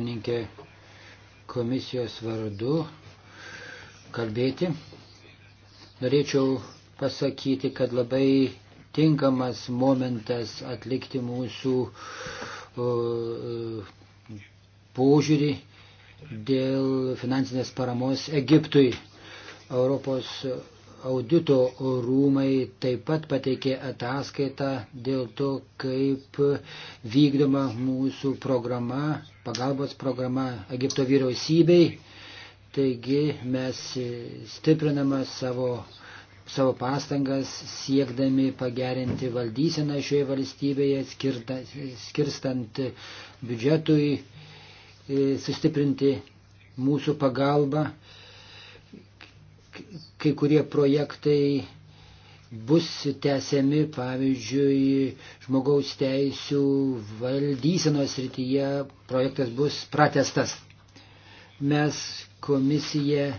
pirmininkė komisijos vardu kalbėti. Norėčiau pasakyti, kad labai tinkamas momentas atlikti mūsų uh, požiūrį dėl finansinės paramos Egiptui. Europos audito rūmai taip pat pateikė ataskaitą dėl to, kaip vykdoma mūsų programa, pagalbos programa Egipto vyriausybei. Taigi mes stipriname savo, savo pastangas siekdami pagerinti valdyseną šioje valstybėje, skirta, skirstant biudžetui, e, sustiprinti mūsų pagalbą kai kurie projektai bus tęsiami, pavyzdžiui, žmogaus teisų valdysenos rytyje projektas bus pratestas. Mes komisiją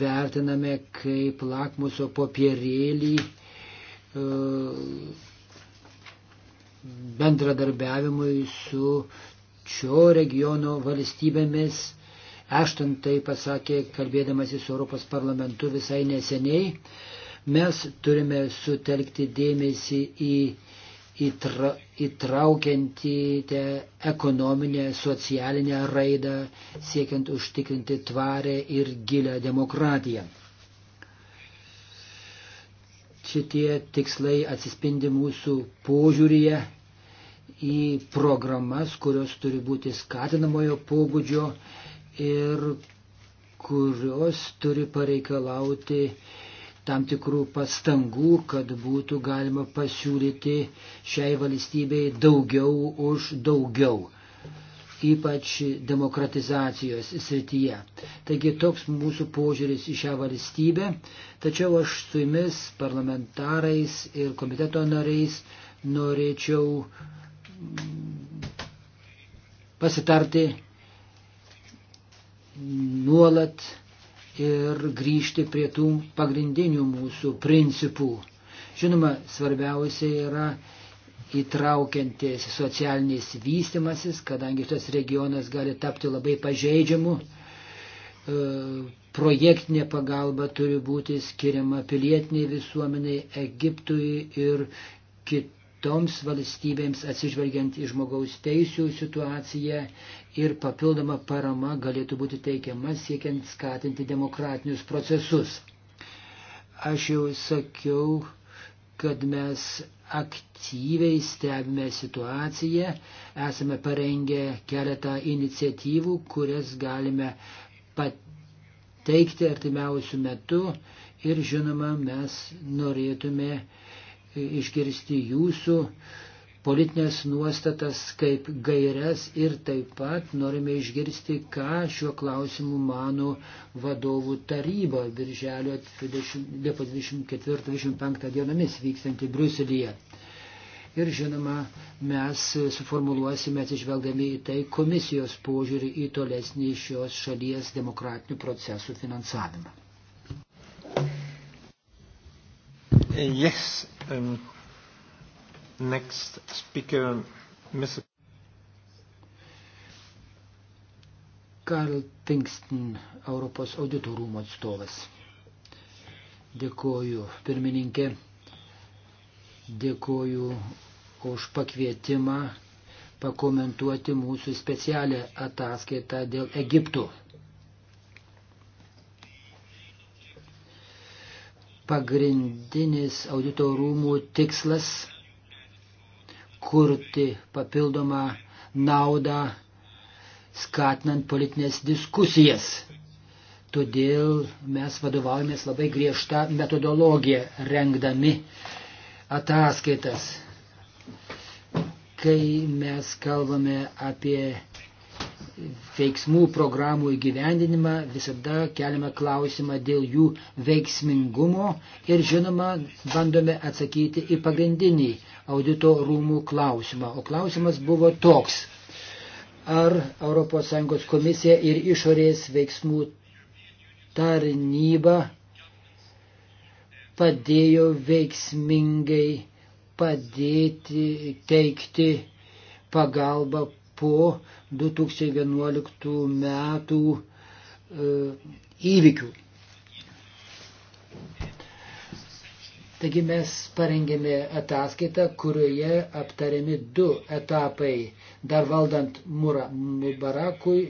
vertiname kaip lakmuso popierėlį e, bendradarbiavimui su šio regiono valstybėmis Ešton tai pasakė, kalbėdamasis Europos parlamentu visai neseniai. Mes turime sutelkti dėmesį į įtra, įtraukianti ekonominę, socialinę raidą, siekiant užtikrinti tvarę ir gilę demokratiją. Šitie tikslai atsispindi mūsų požiūryje į programas, kurios turi būti skatinamojo pobūdžio ir kurios turi pareikalauti tam tikrų pastangų, kad būtų galima pasiūlyti šiai valstybei daugiau už daugiau, ypač demokratizacijos srityje. Taigi toks mūsų požiūris į šią valstybę, tačiau aš su jumis, parlamentarais ir komiteto nariais, norėčiau mm, pasitarti nuolat ir grįžti prie tų pagrindinių mūsų principų. Žinoma, svarbiausia yra įtraukiantis socialinis vystimasis, kadangi tas regionas gali tapti labai pažeidžiamu. E, projektinė pagalba turi būti skiriama pilietiniai visuomeniai Egiptui ir kitų toms valstybėms atsižvelgiant į žmogaus teisų situaciją ir papildoma parama galėtų būti teikiama siekiant skatinti demokratinius procesus. Aš jau sakiau, kad mes aktyviai stebime situaciją, esame parengę keletą iniciatyvų, kurias galime pateikti artimiausių metų ir žinoma, mes norėtume išgirsti jūsų politinės nuostatas kaip gairias ir taip pat norime išgirsti, ką šiuo klausimu mano vadovų taryba birželio 24-25 dienomis vykstanti Bruselėje. Ir žinoma, mes suformuluosime atsižvelgdami į tai komisijos požiūrį į tolesnį šios šalies demokratinių procesų finansavimą. Yes. Um, next speaker, Mr. Karl Pinkston, Europos auditų rūmų atstovas. Dėkoju, pirmininkė. Dėkoju už pakvietimą pakomentuoti mūsų specialią ataskaitą dėl Egiptų. pagrindinis audito rūmų tikslas kurti papildomą naudą, skatinant politinės diskusijas. Todėl mes vadovaujamės labai griežtą metodologiją rengdami ataskaitas. Kai mes kalbame apie veiksmų programų įgyvendinimą, visada keliame klausimą dėl jų veiksmingumo ir žinoma bandome atsakyti į pagrindinį audito rūmų klausimą. O klausimas buvo toks. Ar ES komisija ir išorės veiksmų tarnyba padėjo veiksmingai padėti teikti pagalbą po 2011 metų e, įvykių. Taigi mes parengėme ataskaitą, kurioje aptariami du etapai dar valdant Mura Mubarakui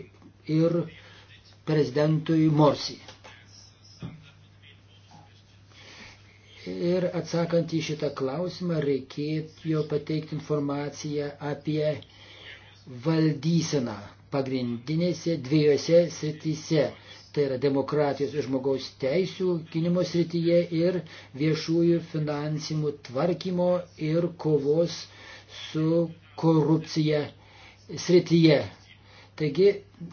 ir prezidentui Morsi. Ir atsakant į šitą klausimą, reikėjo pateikti informaciją apie valdyseną pagrindinėse dviejose srityse. Tai yra demokratijos ir žmogaus teisų gynimo srityje ir viešųjų finansimų tvarkymo ir kovos su korupcija srityje. Taigi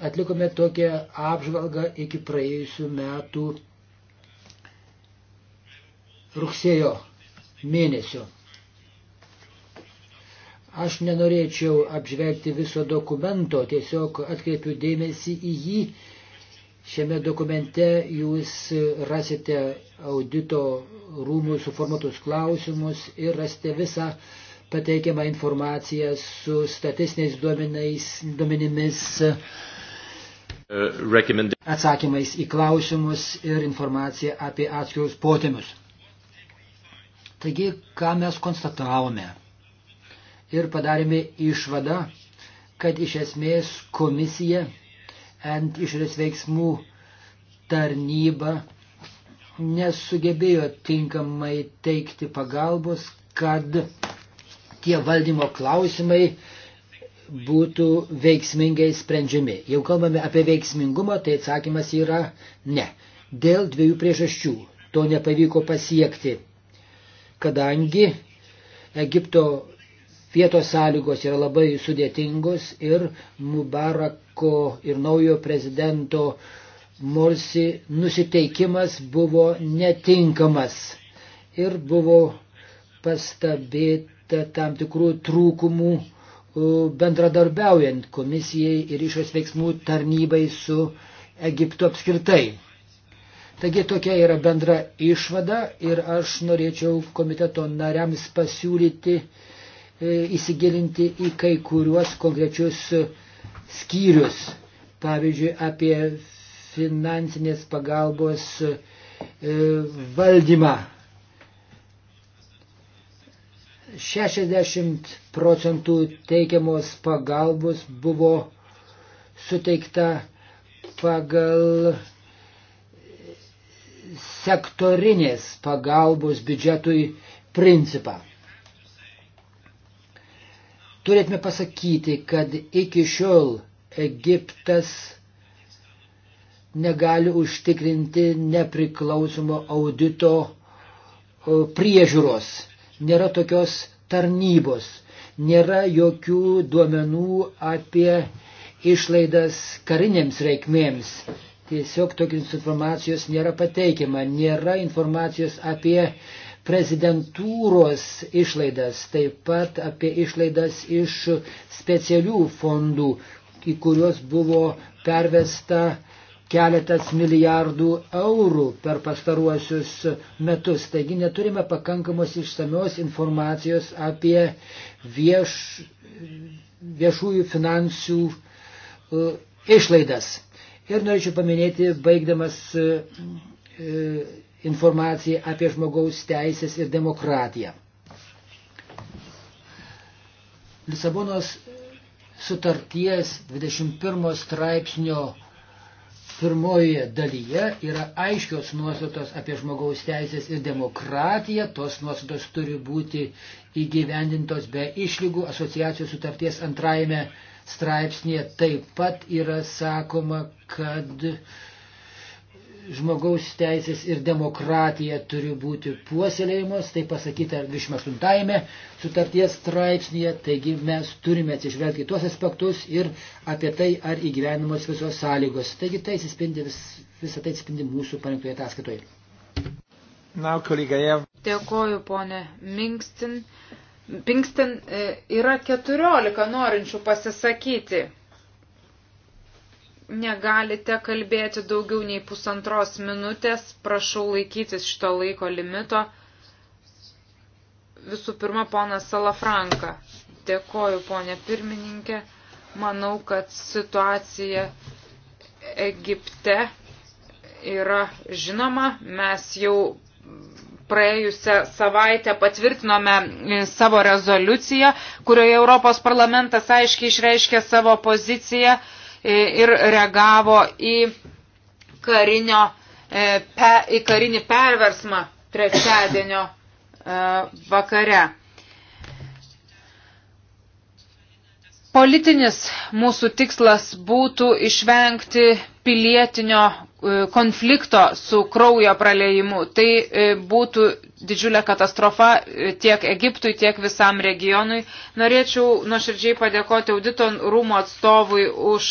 atlikome tokią apžvalgą iki praėjusių metų rugsėjo mėnesio. Aš nenorėčiau apžvelgti viso dokumento, tiesiog atkreipiu dėmesį į jį. Šiame dokumente jūs rasite audito rūmų suformuotus klausimus ir rasite visą pateikiamą informaciją su statistiniais duomenimis, uh, atsakymais į klausimus ir informacija apie atskirus potėmius. Taigi, ką mes konstatavome? ir padarėme išvadą, kad iš esmės komisija ant išorės veiksmų tarnyba nesugebėjo tinkamai teikti pagalbos, kad tie valdymo klausimai būtų veiksmingai sprendžiami. Jau kalbame apie veiksmingumą, tai atsakymas yra ne. Dėl dviejų priežasčių to nepavyko pasiekti, kadangi Egipto Vietos sąlygos yra labai sudėtingos ir Mubarako ir naujo prezidento Morsi nusiteikimas buvo netinkamas ir buvo pastabėta tam tikrų trūkumų bendradarbiaujant komisijai ir išos veiksmų tarnybai su Egiptu apskritai. Taigi tokia yra bendra išvada ir aš norėčiau komiteto nariams pasiūlyti E, įsigilinti į kai kuriuos konkrečius skyrius, pavyzdžiui, apie finansinės pagalbos e, valdymą. 60 procentų teikiamos pagalbos buvo suteikta pagal sektorinės pagalbos biudžetui principą. Turėtume pasakyti, kad iki šiol Egiptas negali užtikrinti nepriklausomo audito e, priežiūros. Nėra tokios tarnybos, nėra jokių duomenų apie išlaidas karinėms reikmėms. Tiesiog tokios informacijos nėra pateikima, nėra informacijos apie prezidentūros išlaidas, taip pat apie išlaidas iš specialių fondų, į kuriuos buvo pervesta keletas milijardų eurų per pastaruosius metus. Taigi neturime pakankamos išsamios informacijos apie vieš, viešųjų finansų e, išlaidas. Ir norėčiau paminėti, baigdamas e, informaciją apie žmogaus teisės ir demokratiją. Lisabonos sutarties 21 straipsnio pirmoje dalyje yra aiškios nuostatos apie žmogaus teisės ir demokratiją. Tos nuostatos turi būti įgyvendintos be išlygų. Asociacijos sutarties antrajame straipsnėje taip pat yra sakoma, kad žmogaus teisės ir demokratija turi būti puoselėjimos, tai pasakyta 28 sutarties straipsnėje, taigi mes turime atsižvelgti tuos aspektus ir apie tai, ar įgyvenimos visos sąlygos. Taigi tai atsispindi, vis, visą tai atsispindi mūsų parinktoje ataskaitoje. Dėkoju, ponė Minkstin. Pinkstin e, yra 14 norinčių pasisakyti negalite kalbėti daugiau nei pusantros minutės. Prašau laikytis šito laiko limito. Visų pirma, ponas Salafranka. Dėkoju, ponė pirmininkė. Manau, kad situacija Egipte yra žinoma. Mes jau praėjusią savaitę patvirtinome savo rezoliuciją, kurioje Europos parlamentas aiškiai išreiškė savo poziciją. E, ir reagavo į, karinio, e, pe, į karinį perversmą trečiadienio e, vakare. Politinis mūsų tikslas būtų išvengti pilietinio konflikto su kraujo praleimu. Tai būtų didžiulė katastrofa tiek Egiptui, tiek visam regionui. Norėčiau nuoširdžiai padėkoti audito rūmų atstovui už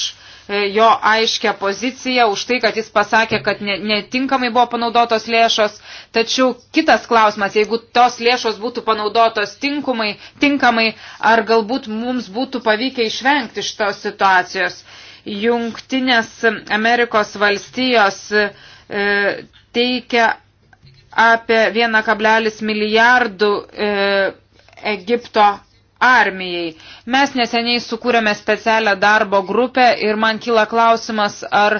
E, jo aiškę poziciją už tai, kad jis pasakė, kad netinkamai buvo panaudotos lėšos. Tačiau kitas klausimas, jeigu tos lėšos būtų panaudotos tinkumai, tinkamai, ar galbūt mums būtų pavykę išvengti šitos situacijos. Jungtinės Amerikos valstijos e, teikia apie 1,1 milijardų e, Egipto armijai. Mes neseniai sukūrėme specialią darbo grupę ir man kyla klausimas, ar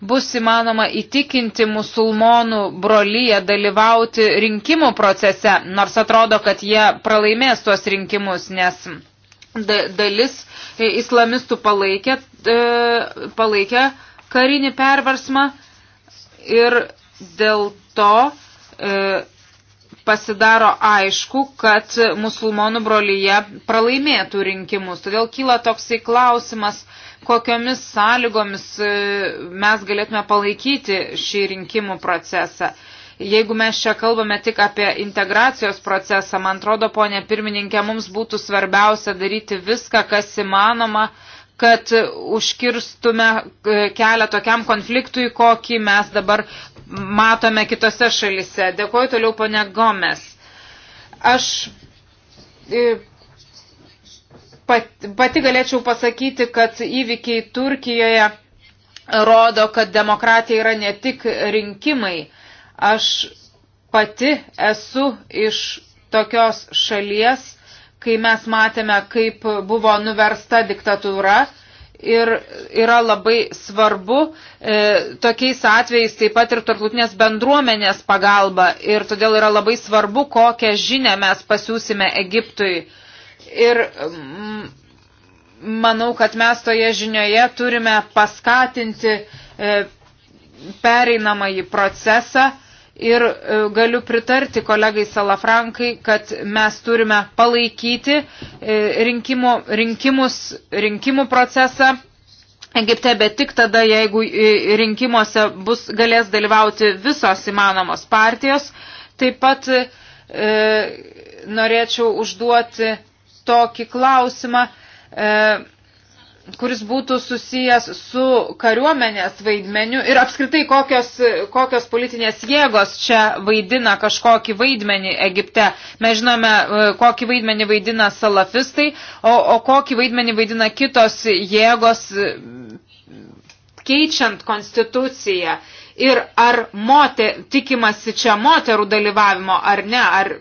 bus įmanoma įtikinti musulmonų brolyje dalyvauti rinkimų procese, nors atrodo, kad jie pralaimės tuos rinkimus, nes dalis islamistų palaikė, e, palaikė karinį perversmą ir dėl to e, pasidaro aišku, kad musulmonų brolyje pralaimėtų rinkimus. Todėl kyla toksai klausimas, kokiomis sąlygomis e, mes galėtume palaikyti šį rinkimų procesą jeigu mes čia kalbame tik apie integracijos procesą, man atrodo, ponė pirmininkė, mums būtų svarbiausia daryti viską, kas įmanoma, kad užkirstume e, kelią tokiam konfliktui, kokį mes dabar matome kitose šalise. Dėkuoju toliau pone Gomes. Aš e, pati galėčiau pasakyti, kad įvykiai Turkijoje rodo, kad demokratija yra ne tik rinkimai. Aš pati esu iš tokios šalies kai mes matėme, kaip buvo nuversta diktatūra. Ir yra labai svarbu e, tokiais atvejais taip pat ir tarptautinės bendruomenės pagalba. Ir todėl yra labai svarbu, kokią žinę mes pasiūsime Egiptui. Ir mm, manau, kad mes toje žinioje turime paskatinti e, pereinamąjį procesą. E, ir e, galiu pritarti kolegai Salafrankai, kad mes turime palaikyti e, rinkimų, rinkimus, rinkimų procesą. Egipte, bet tik tada, jeigu e, rinkimuose bus, galės dalyvauti visos įmanomos partijos. Taip pat e, norėčiau užduoti tokį klausimą. E, kuris būtų susijęs su kariuomenės vaidmeniu ir apskritai kokios, kokios politinės jėgos čia vaidina kažkokį vaidmenį Egipte. Mes žinome, e, kokį vaidmenį vaidina salafistai, o, o kokį vaidmenį vaidina kitos jėgos e, keičiant konstituciją. Ir ar moter, tikimasi čia moterų dalyvavimo ar ne, ar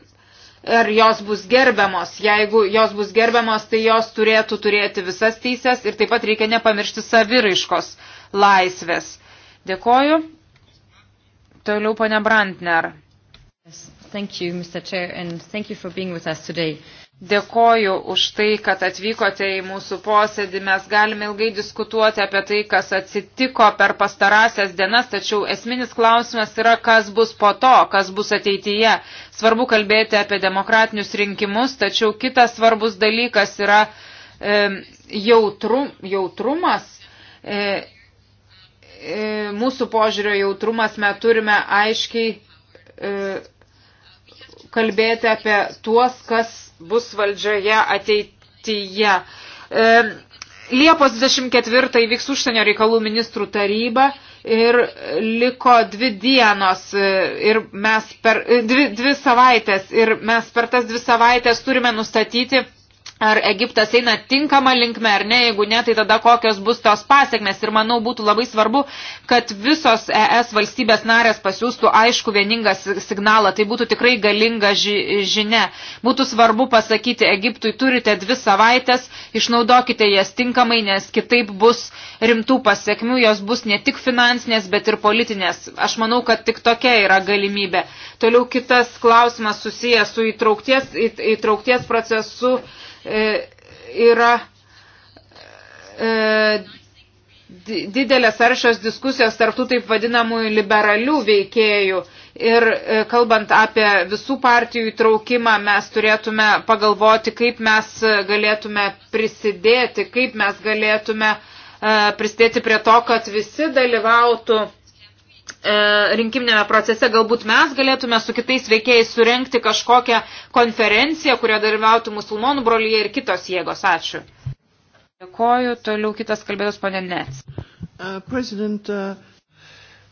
ar jos bus gerbiamos. Jeigu jos bus gerbiamos, tai jos turėtų turėti visas teises ir taip pat reikia nepamiršti saviraiškos laisvės. Dėkoju. Toliau ponia Brantner. Thank you, Mr. Chair, and thank you for being with us today. Dėkoju už tai, kad atvykote į mūsų posėdį. Mes galime ilgai diskutuoti apie tai, kas atsitiko per pastarąsias dienas, tačiau esminis klausimas yra, kas bus po to, kas bus ateityje. Svarbu kalbėti apie demokratinius rinkimus, tačiau kitas svarbus dalykas yra e, jautrum, jautrumas. E, e, mūsų požiūrio jautrumas mes turime aiškiai. E, kalbėti apie tuos, kas bus valdžioje ateityje. E, Liepos 24 įvyks užsienio reikalų ministrų taryba ir liko dvi dienos e, ir mes per e, dvi, dvi savaitės ir mes per tas dvi savaitės turime nustatyti ar Egiptas eina tinkama linkme ar ne, jeigu ne, tai tada kokios bus tos pasiekmes. Ir manau būtų labai svarbu, kad visos ES valstybės narės pasiūstų aišku vieningą signalą. Tai būtų tikrai galinga ži žinia. Būtų svarbu pasakyti Egiptui, turite dvi savaitės, išnaudokite jas tinkamai, nes kitaip bus rimtų pasiekmių, jos bus ne tik finansinės, bet ir politinės. Aš manau, kad tik tokia yra galimybė. Toliau kitas klausimas susijęs su įtraukties, įtraukties procesu. Uh, E, yra e, didelės aršios diskusijos tarptų taip vadinamųjų liberalių veikėjų. Ir e, kalbant apie visų partijų įtraukimą, mes turėtume pagalvoti, kaip mes galėtume prisidėti, kaip mes galėtume prisidėti prie to, kad visi dalyvautų E, rinkiminėme procese galbūt mes galėtume su kitais veikėjais surenkti kažkokią konferenciją, kurioje dalyvautų musulmonų brolyje ir kitos jėgos. Ačiū. Dėkoju. Toliau kitas kalbėtos ponė Nets. Uh, uh...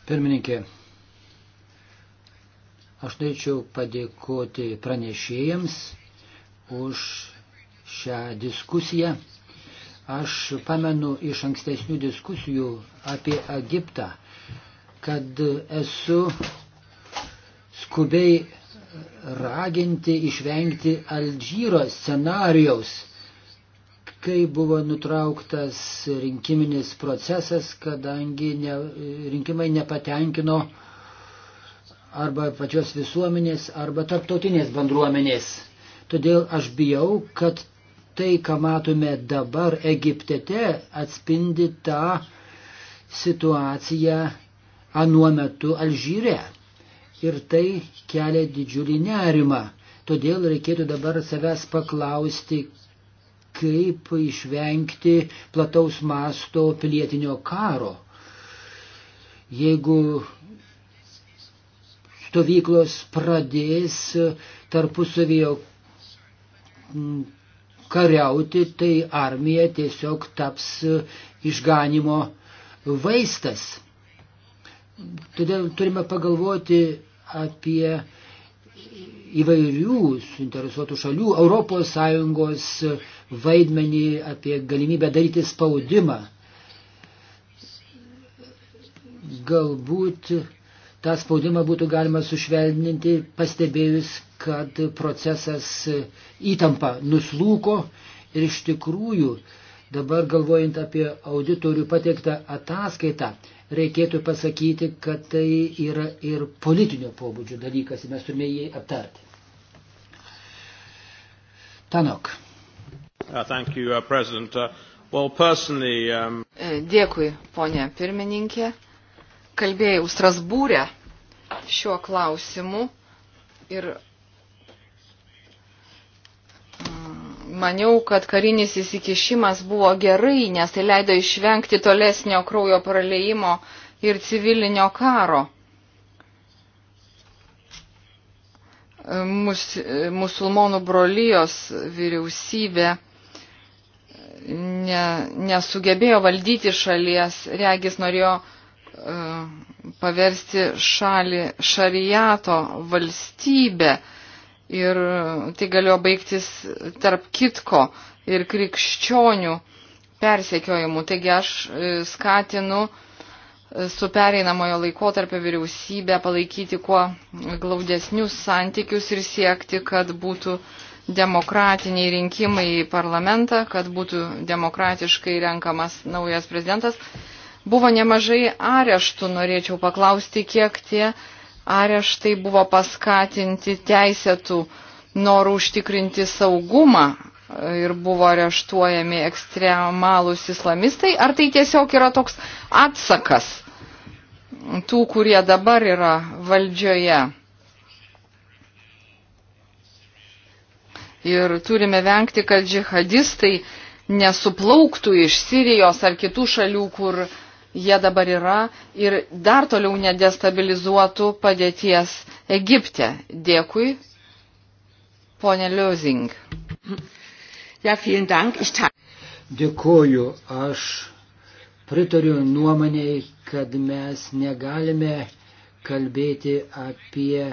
Pirmininkė, aš norėčiau padėkoti pranešėjams už šią diskusiją. Aš pamenu iš ankstesnių diskusijų apie Egiptą kad esu skubiai raginti išvengti Alžyro scenarijaus, kai buvo nutrauktas rinkiminis procesas, kadangi ne, rinkimai nepatenkino arba pačios visuomenės, arba tarptautinės bendruomenės. Todėl aš bijau, kad tai, ką matome dabar Egiptete, atspindi tą situaciją anuo metu Alžyre. Ir tai kelia didžiulį nerimą. Todėl reikėtų dabar savęs paklausti, kaip išvengti plataus masto pilietinio karo. Jeigu stovyklos pradės tarpusavyje kariauti, tai armija tiesiog taps išganimo vaistas. Todėl turime pagalvoti apie įvairių suinteresuotų šalių, ES vaidmenį, apie galimybę daryti spaudimą. Galbūt tą spaudimą būtų galima sušvelninti, pastebėjus, kad procesas įtampa nuslūko ir iš tikrųjų dabar galvojant apie auditorių pateiktą ataskaitą, reikėtų pasakyti, kad tai yra ir politinio pobūdžio dalykas ir mes turime jį aptarti. Tanok. Uh, thank you, uh, President. Uh, well, personally, um... E, dėkui, ponė pirmininkė. Kalbėjau Strasbūrė šiuo klausimu ir maniau, kad karinis įsikišimas buvo gerai, nes tai leido išvengti tolesnio kraujo praleimo ir civilinio karo. Mus, musulmonų brolyjos vyriausybė ne, nesugebėjo valdyti šalies, regis norėjo uh, paversti šalį šariato valstybę. Uh, Ir tai galėjo baigtis tarp kitko ir krikščionių persekiojimu. Taigi aš e, skatinu e, su pereinamojo laikotarpio vyriausybė palaikyti kuo glaudesnius santykius ir siekti, kad būtų demokratiniai rinkimai į parlamentą, kad būtų demokratiškai renkamas naujas prezidentas. Buvo nemažai areštų, norėčiau paklausti, kiek tie areštai buvo paskatinti teisėtų norų užtikrinti saugumą ir buvo areštuojami ekstremalūs islamistai, ar tai tiesiog yra toks atsakas tų, kurie dabar yra valdžioje. Ir turime vengti, kad džihadistai nesuplauktų iš Sirijos ar kitų šalių, kur uh, jie dabar yra ir dar toliau nedestabilizuotų padėties Egipte. Dėkui, ponė Liuzing. Ja, dank. Ich Dėkuoju, aš pritariu nuomonėj, kad mes negalime kalbėti apie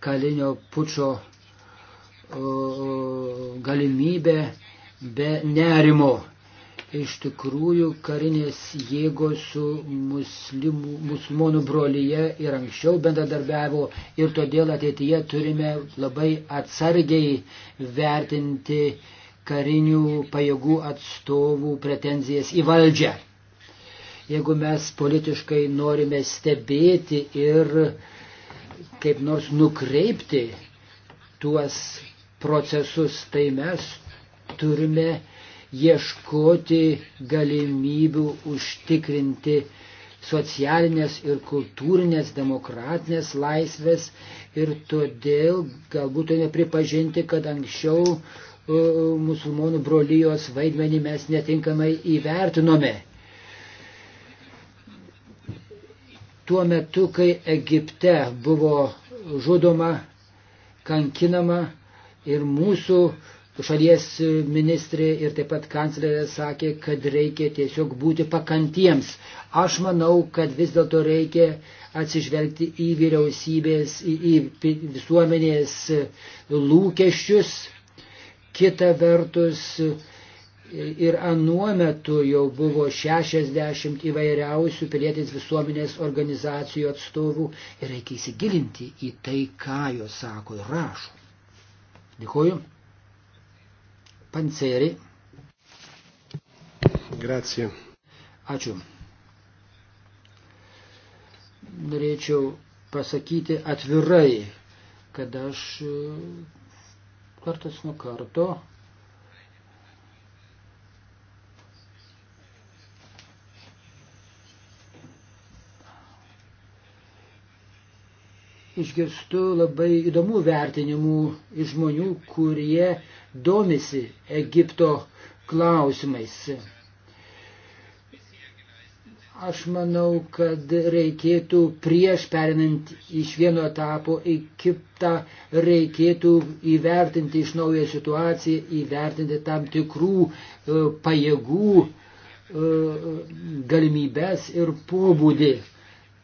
kalinio pučio o, galimybę be nerimo iš tikrųjų karinės jėgos su muslimų, musulmonų brolyje ir anksčiau bendradarbiavo ir todėl ateityje turime labai atsargiai vertinti karinių pajėgų atstovų pretenzijas į valdžią. Jeigu mes politiškai norime stebėti ir kaip nors nukreipti tuos procesus, tai mes turime ieškoti galimybių užtikrinti socialinės ir kultūrinės demokratinės laisvės ir todėl galbūt turime pripažinti, kad anksčiau e, musulmonų brolyjos vaidmenį mes netinkamai įvertinome. Tuo metu, kai Egipte buvo žudoma, kankinama ir mūsų uh, šalies ministrė ir taip pat kanclerė sakė, kad reikia tiesiog būti pakantiems. Aš manau, kad vis dėlto reikia atsižvelgti į vyriausybės, į, į visuomenės lūkesčius. Kita vertus, ir anuo metu jau buvo 60 įvairiausių pilietinės visuomenės organizacijų atstovų ir reikia įsigilinti į tai, ką jos sako ir rašo. Dėkuoju. Panceri. Gracija. Ačiū. Norėčiau pasakyti atvirai, kad aš e, kartas nuo karto išgirstu labai įdomų vertinimų iš žmonių, kurie domisi Egipto klausimais. Aš manau, kad reikėtų prieš perinant iš vieno etapo į kitą, reikėtų įvertinti iš naujo situaciją, įvertinti tam tikrų e, pajėgų e, galimybės ir pobūdį.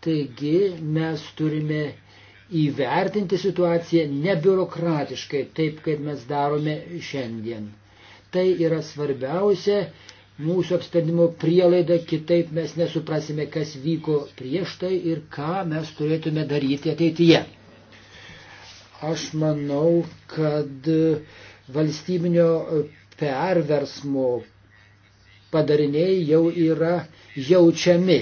Taigi mes turime įvertinti situaciją nebiurokratiškai, taip kaip mes darome šiandien. Tai yra svarbiausia mūsų apsprendimo prielaida, kitaip mes nesuprasime, kas vyko prieš tai ir ką mes turėtume daryti ateityje. Aš manau, kad valstybinio perversmo padariniai jau yra jaučiami,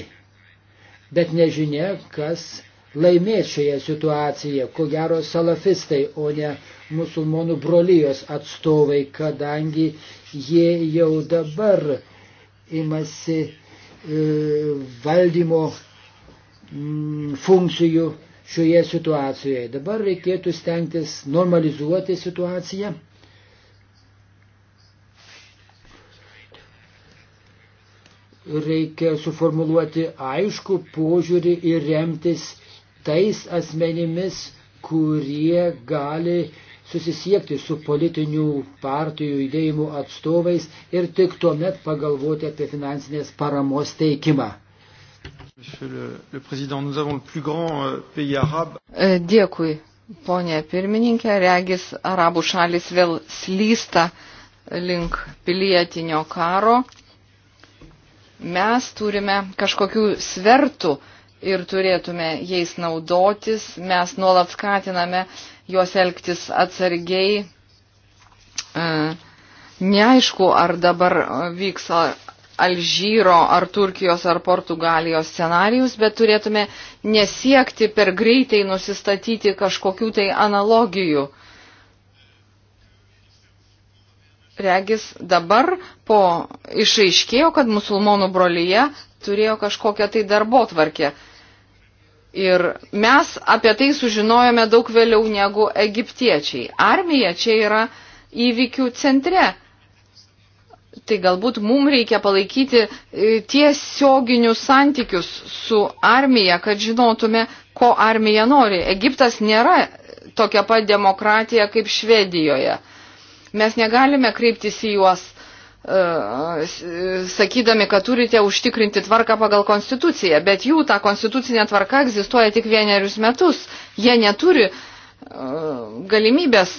bet nežinia, kas laimės šioje situacijoje, ko gero salafistai, o ne musulmonų brolyjos atstovai, kadangi jie jau dabar imasi e, valdymo m, mm, funkcijų šioje situacijoje. Dabar reikėtų stengtis normalizuoti situaciją. Reikia suformuluoti aišku požiūrį ir remtis tais asmenimis, kurie gali susisiekti su politinių partijų judėjimų atstovais ir tik tuomet pagalvoti apie finansinės paramos teikimą. Euh, e, dėkui, ponė pirmininkė. Regis, arabų šalis vėl slysta link pilietinio karo. Mes turime kažkokių svertų, ir turėtume jais naudotis. Mes nuolat skatiname juos elgtis atsargiai. E, neaišku, ar dabar vyks Alžyro ar Turkijos ar Portugalijos scenarius, bet turėtume nesiekti per greitai nusistatyti kažkokių tai analogijų. regis dabar po išaiškėjo, kad musulmonų brolyje turėjo kažkokią tai darbo tvarkę. Ir mes apie tai sužinojome daug vėliau negu egiptiečiai. Armija čia yra įvykių centre. Tai galbūt mums reikia palaikyti e, tiesioginius santykius su armija, kad žinotume, ko armija nori. Egiptas nėra tokia pat demokratija kaip Švedijoje. Mes negalime kreiptis į juos sakydami, kad turite užtikrinti tvarką pagal konstituciją, bet jų ta konstitucinė tvarka egzistuoja tik vienerius metus. Jie neturi e, galimybės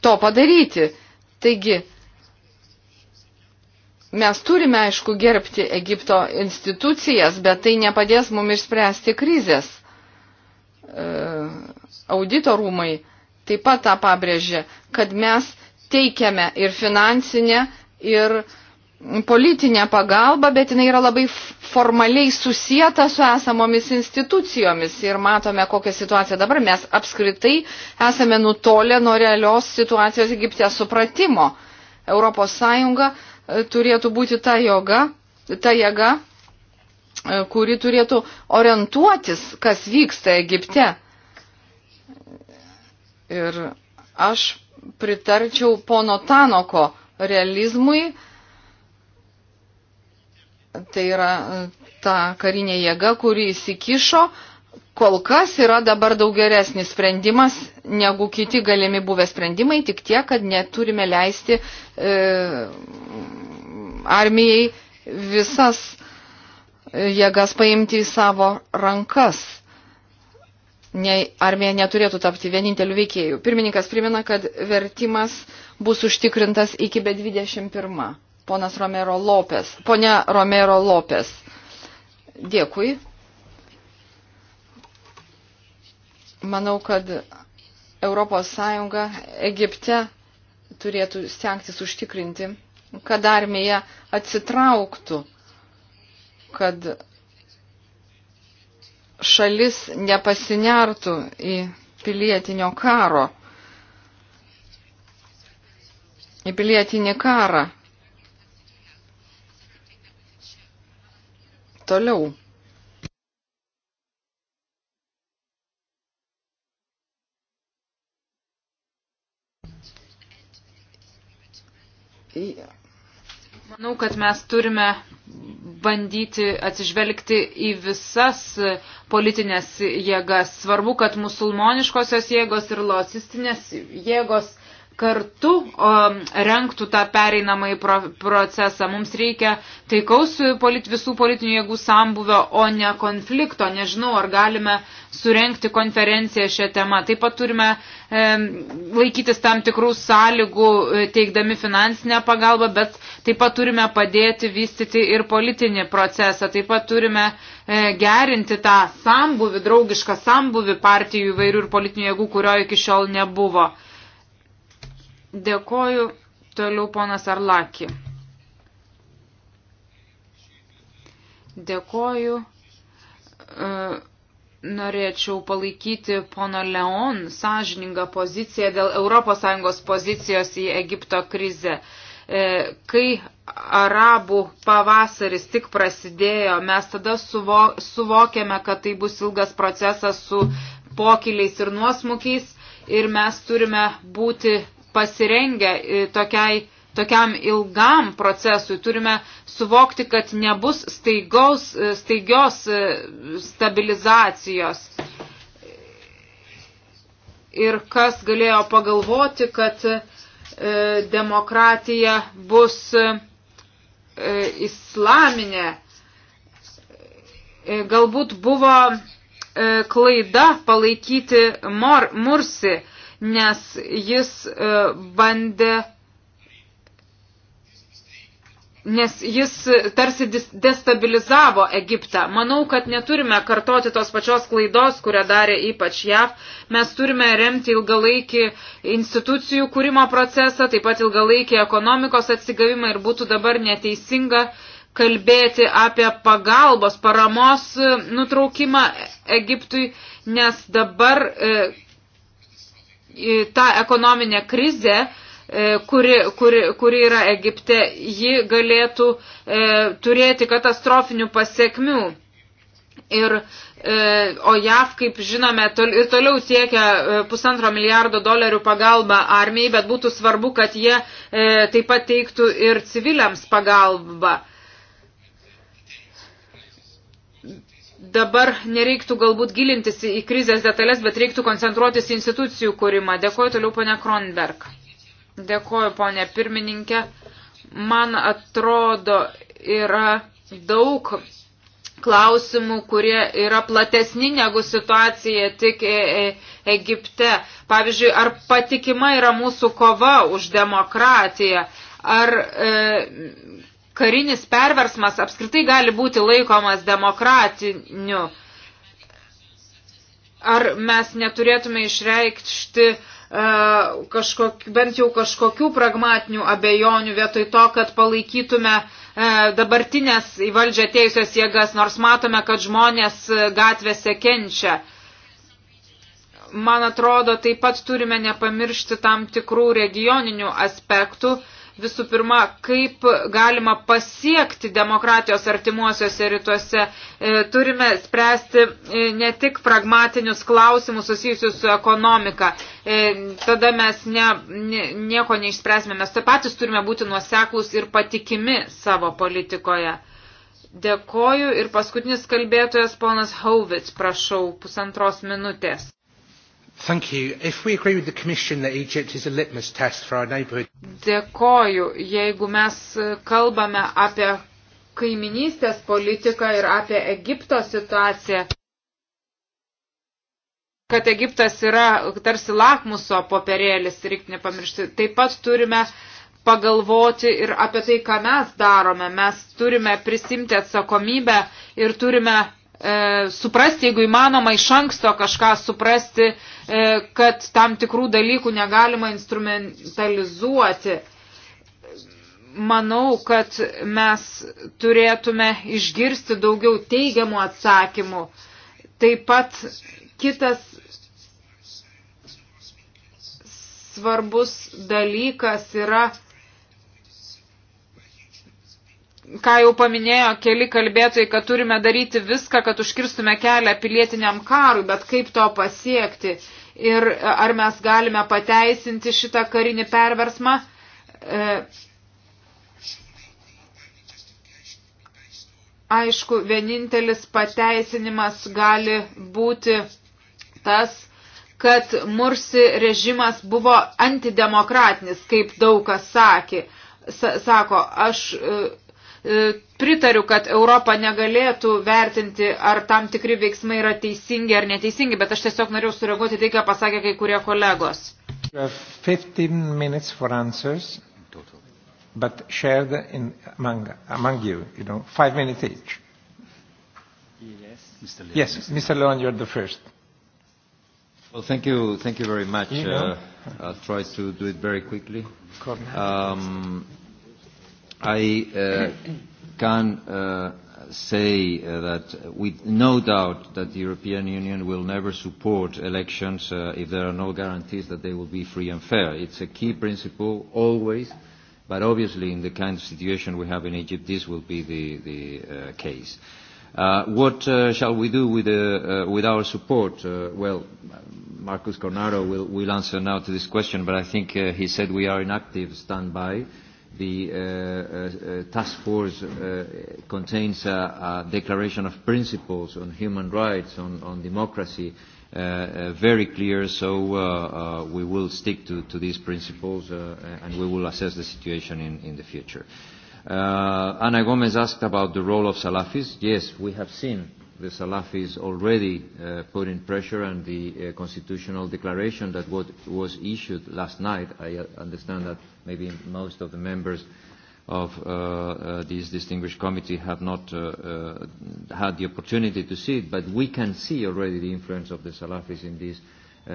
to padaryti. Taigi, mes turime, aišku, gerbti Egipto institucijas, bet tai nepadės mum išspręsti krizės. E, audito rūmai taip pat tą pabrėžė, kad mes teikiame ir finansinę, ir politinė pagalba, bet jinai yra labai formaliai susieta su esamomis institucijomis ir matome, kokią situaciją dabar mes apskritai esame nutolę nuo realios situacijos Egipte supratimo. Europos Sąjunga e, turėtų būti ta, joga, ta jėga, e, kuri turėtų orientuotis, kas vyksta Egipte. Ir aš pritarčiau pono Tanoko realizmui. Tai yra ta karinė jėga, kuri įsikišo, kol kas yra dabar daug geresnis sprendimas negu kiti galimi buvę sprendimai, tik tie, kad neturime leisti e, armijai visas jėgas paimti į savo rankas ne, armija neturėtų tapti vieninteliu veikėju. Pirmininkas primena, kad vertimas bus užtikrintas iki be 21. Ponas Romero Lopes. Pone Romero Lopes. Dėkui. Manau, kad Europos Sąjunga Egipte turėtų stengtis užtikrinti, kad armija atsitrauktų, kad šalis nepasinertų į pilietinio karo, į pilietinį karą. Toliau. Manau, kad mes turime bandyti atsižvelgti į visas uh, politinės jėgas. Svarbu, kad musulmoniškosios jėgos ir locistinės jėgos kartu o, renktų tą pereinamąjį pro, procesą. Mums reikia taikaus polit, visų politinių jėgų sambuvio, o ne konflikto. Nežinau, ar galime surenkti konferenciją šią temą. Taip pat turime e, laikytis tam tikrų sąlygų e, teikdami finansinę pagalbą, bet taip pat turime padėti vystyti ir politinį procesą. Taip pat turime e, gerinti tą sambuvi, draugišką sambuvi partijų įvairių ir politinių jėgų, kurio iki šiol nebuvo. Dėkoju toliau ponas Arlaki. Dėkoju. E, norėčiau palaikyti pono Leon sąžiningą poziciją dėl ES pozicijos į Egipto krizę. E, kai arabų pavasaris tik prasidėjo, mes tada suvo, suvokėme, kad tai bus ilgas procesas su pokyliais ir nuosmukiais ir mes turime būti pasirengę e, tokiai, tokiam ilgam procesui. Turime suvokti, kad nebus staigaus, e, staigios e, stabilizacijos. Ir kas galėjo pagalvoti, kad demokratija bus islaminė. Galbūt buvo klaida palaikyti mor, Mursi nes jis e, bandė, nes jis tarsi destabilizavo Egiptą. Manau, kad neturime kartoti tos pačios klaidos, kurią darė ypač JAV. Mes turime remti ilgalaikį institucijų kūrimo procesą, taip pat ilgalaikį ekonomikos atsigavimą ir būtų dabar neteisinga kalbėti apie pagalbos, paramos e, nutraukimą Egiptui, nes dabar e, ta ekonominė krizė, e, kuri, kuri, kuri yra Egipte, ji galėtų e, turėti katastrofinių pasiekmių. Ir, e, o JAV, kaip žinome, tol, ir toliau siekia pusantro milijardo dolerių pagalbą armijai, bet būtų svarbu, kad jie taip pat teiktų ir civiliams pagalbą. dabar nereiktų galbūt gilintis į krizės detalės, bet reiktų koncentruotis į institucijų kūrimą. Dėkuoju toliau, ponė Kronberg. Dėkuoju, ponė pirmininkė. Man atrodo, yra daug klausimų, kurie yra platesni negu situacija tik e e Egipte. Pavyzdžiui, ar patikima yra mūsų kova už demokratiją, ar e, karinis perversmas apskritai gali būti laikomas demokratiniu. Ar mes neturėtume išreikšti e, kažkok, bent jau kažkokių pragmatinių abejonių vietoj to, kad palaikytume e, dabartinės į valdžią teisės jėgas, nors matome, kad žmonės e, gatvėse kenčia man atrodo, taip pat turime nepamiršti tam tikrų regioninių aspektų visų pirma, kaip galima pasiekti demokratijos artimuosiuose rytuose. E, turime spręsti e, ne tik pragmatinius klausimus susijusius su ekonomika. E, tada mes ne, ne, nieko neišspręsime. Mes taip patys turime būti nuoseklus ir patikimi savo politikoje. Dėkoju ir paskutinis kalbėtojas ponas Hauvits, prašau, pusantros minutės. Thank you. If we agree with the Commission that Egypt is a litmus test for our neighborhood. Dėkoju. Jeigu mes kalbame apie kaiminystės politiką ir apie Egipto situaciją, kad Egiptas yra tarsi lakmuso popierėlis, reikia nepamiršti. Taip pat turime pagalvoti ir apie tai, ką mes darome. Mes turime prisimti atsakomybę ir turime E, suprasti, jeigu įmanoma iš anksto kažką suprasti, e, kad tam tikrų dalykų negalima instrumentalizuoti. Manau, kad mes turėtume išgirsti daugiau teigiamų atsakymų. Taip pat kitas svarbus dalykas yra ką jau paminėjo keli kalbėtojai, kad turime daryti viską, kad užkirstume kelią pilietiniam karui, bet kaip to pasiekti ir ar mes galime pateisinti šitą karinį perversmą. E, aišku, vienintelis pateisinimas gali būti tas, kad Mursi režimas buvo antidemokratinis, kaip daug kas sakė. Sa sako, aš e, E, pritariu, kad Europa negalėtų vertinti, ar tam tikri veiksmai yra teisingi ar neteisingi, bet aš tiesiog norėjau sureaguoti tai, ką pasakė kai kurie kolegos. 15 minutes for answers, but shared in, among, among you, you know, five minutes each. Yes, Mr. Leon, yes, Mr. Leon you're the first. Well, thank you, thank you very much. You know. uh, I'll try to do it very quickly. Um, I uh, can uh, say uh, that with no doubt that the European Union will never support elections uh, if there are no guarantees that they will be free and fair. It's a key principle always, but obviously in the kind of situation we have in Egypt, this will be the, the uh, case. Uh, what uh, shall we do with, uh, uh, with our support? Uh, well, Marcus Cornaro will, will answer now to this question, but I think uh, he said we are in active standby. Uh, the uh, uh, uh, task force uh, contains a, a declaration of principles on human rights, on, on democracy, uh, uh, very clear, so uh, uh, we will stick to, to these principles uh, and we will assess the situation in, in the future. Uh, Ana Gomez asked about the role of Salafis. Yes, we have seen uh, the Salafis already uh, put in pressure and the uh, constitutional declaration that what was issued last night, I uh, understand that maybe most of the members of uh, uh, this distinguished committee have not uh, uh, had the opportunity to see it, but we can see already the influence of the Salafis in this uh,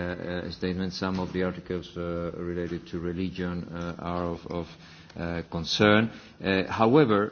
uh, statement. Some of the articles uh, related to religion uh, are of, of uh, concern. Uh, however,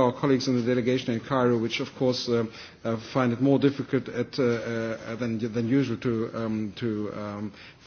our colleagues in the delegation in Cairo, which of course um, uh, find it more difficult at, uh, uh, than, than usual to, um, to um,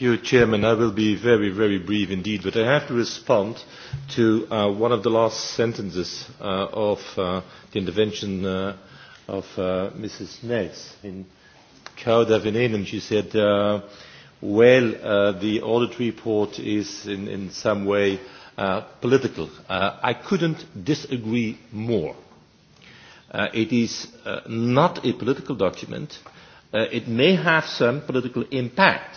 You, Chairman, I will be very, very brief indeed, but I have to respond to uh, one of the last sentences uh, of uh, the intervention uh, of uh, Mrs. Nets. In Kauda Venenum, she said, uh, well, uh, the audit report is in, in some way uh, political. Uh, I couldn't disagree more. Uh, it is uh, not a political document. Uh, it may have some political impact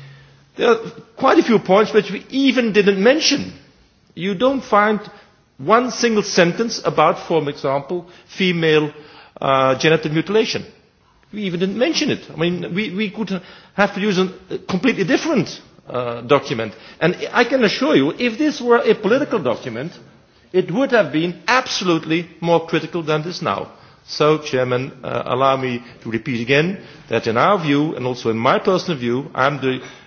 There are quite a few points which we even didn't mention. You don't find one single sentence about, for example, female uh, genital mutilation. We even didn't mention it. I mean, we, we could have to use a completely different uh, document. And I can assure you, if this were a political document, it would have been absolutely more critical than this now. So, Chairman, uh, allow me to repeat again that in our view, and also in my personal view, I'm the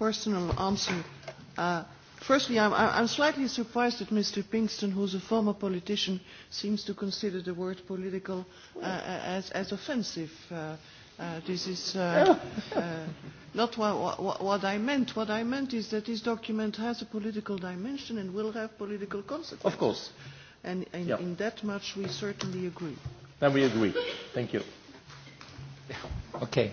personal answer. Uh, firstly, I'm, I'm slightly surprised that Mr. Pinkston, who's a former politician, seems to consider the word political uh, as, as offensive. Uh, Uh, this is uh, uh, not what, what, what I meant. What I meant is that this document has a political dimension and will have political consequences. Of course. And, and yeah. in that much we certainly agree. Then we agree. Thank you. Okay.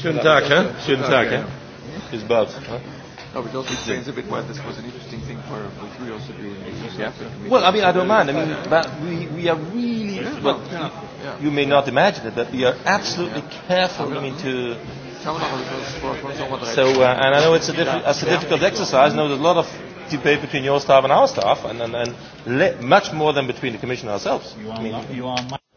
Schönen Tag, hä? Schönen Tag, hä? Bis bald. No, but also explains a bit why this was an interesting thing for what we also do in the East Africa Committee. Well, I mean, I don't mind. I mean, but we, we are really, yeah, well, yeah, yeah. you may not imagine it, but we are absolutely yeah. careful, I mean, to... So, uh, and I know it's a, diffi- it's a difficult exercise. I know there's a lot of debate between your staff and our staff, and, and, and le- much more than between the Commission ourselves. You are, I mean, you are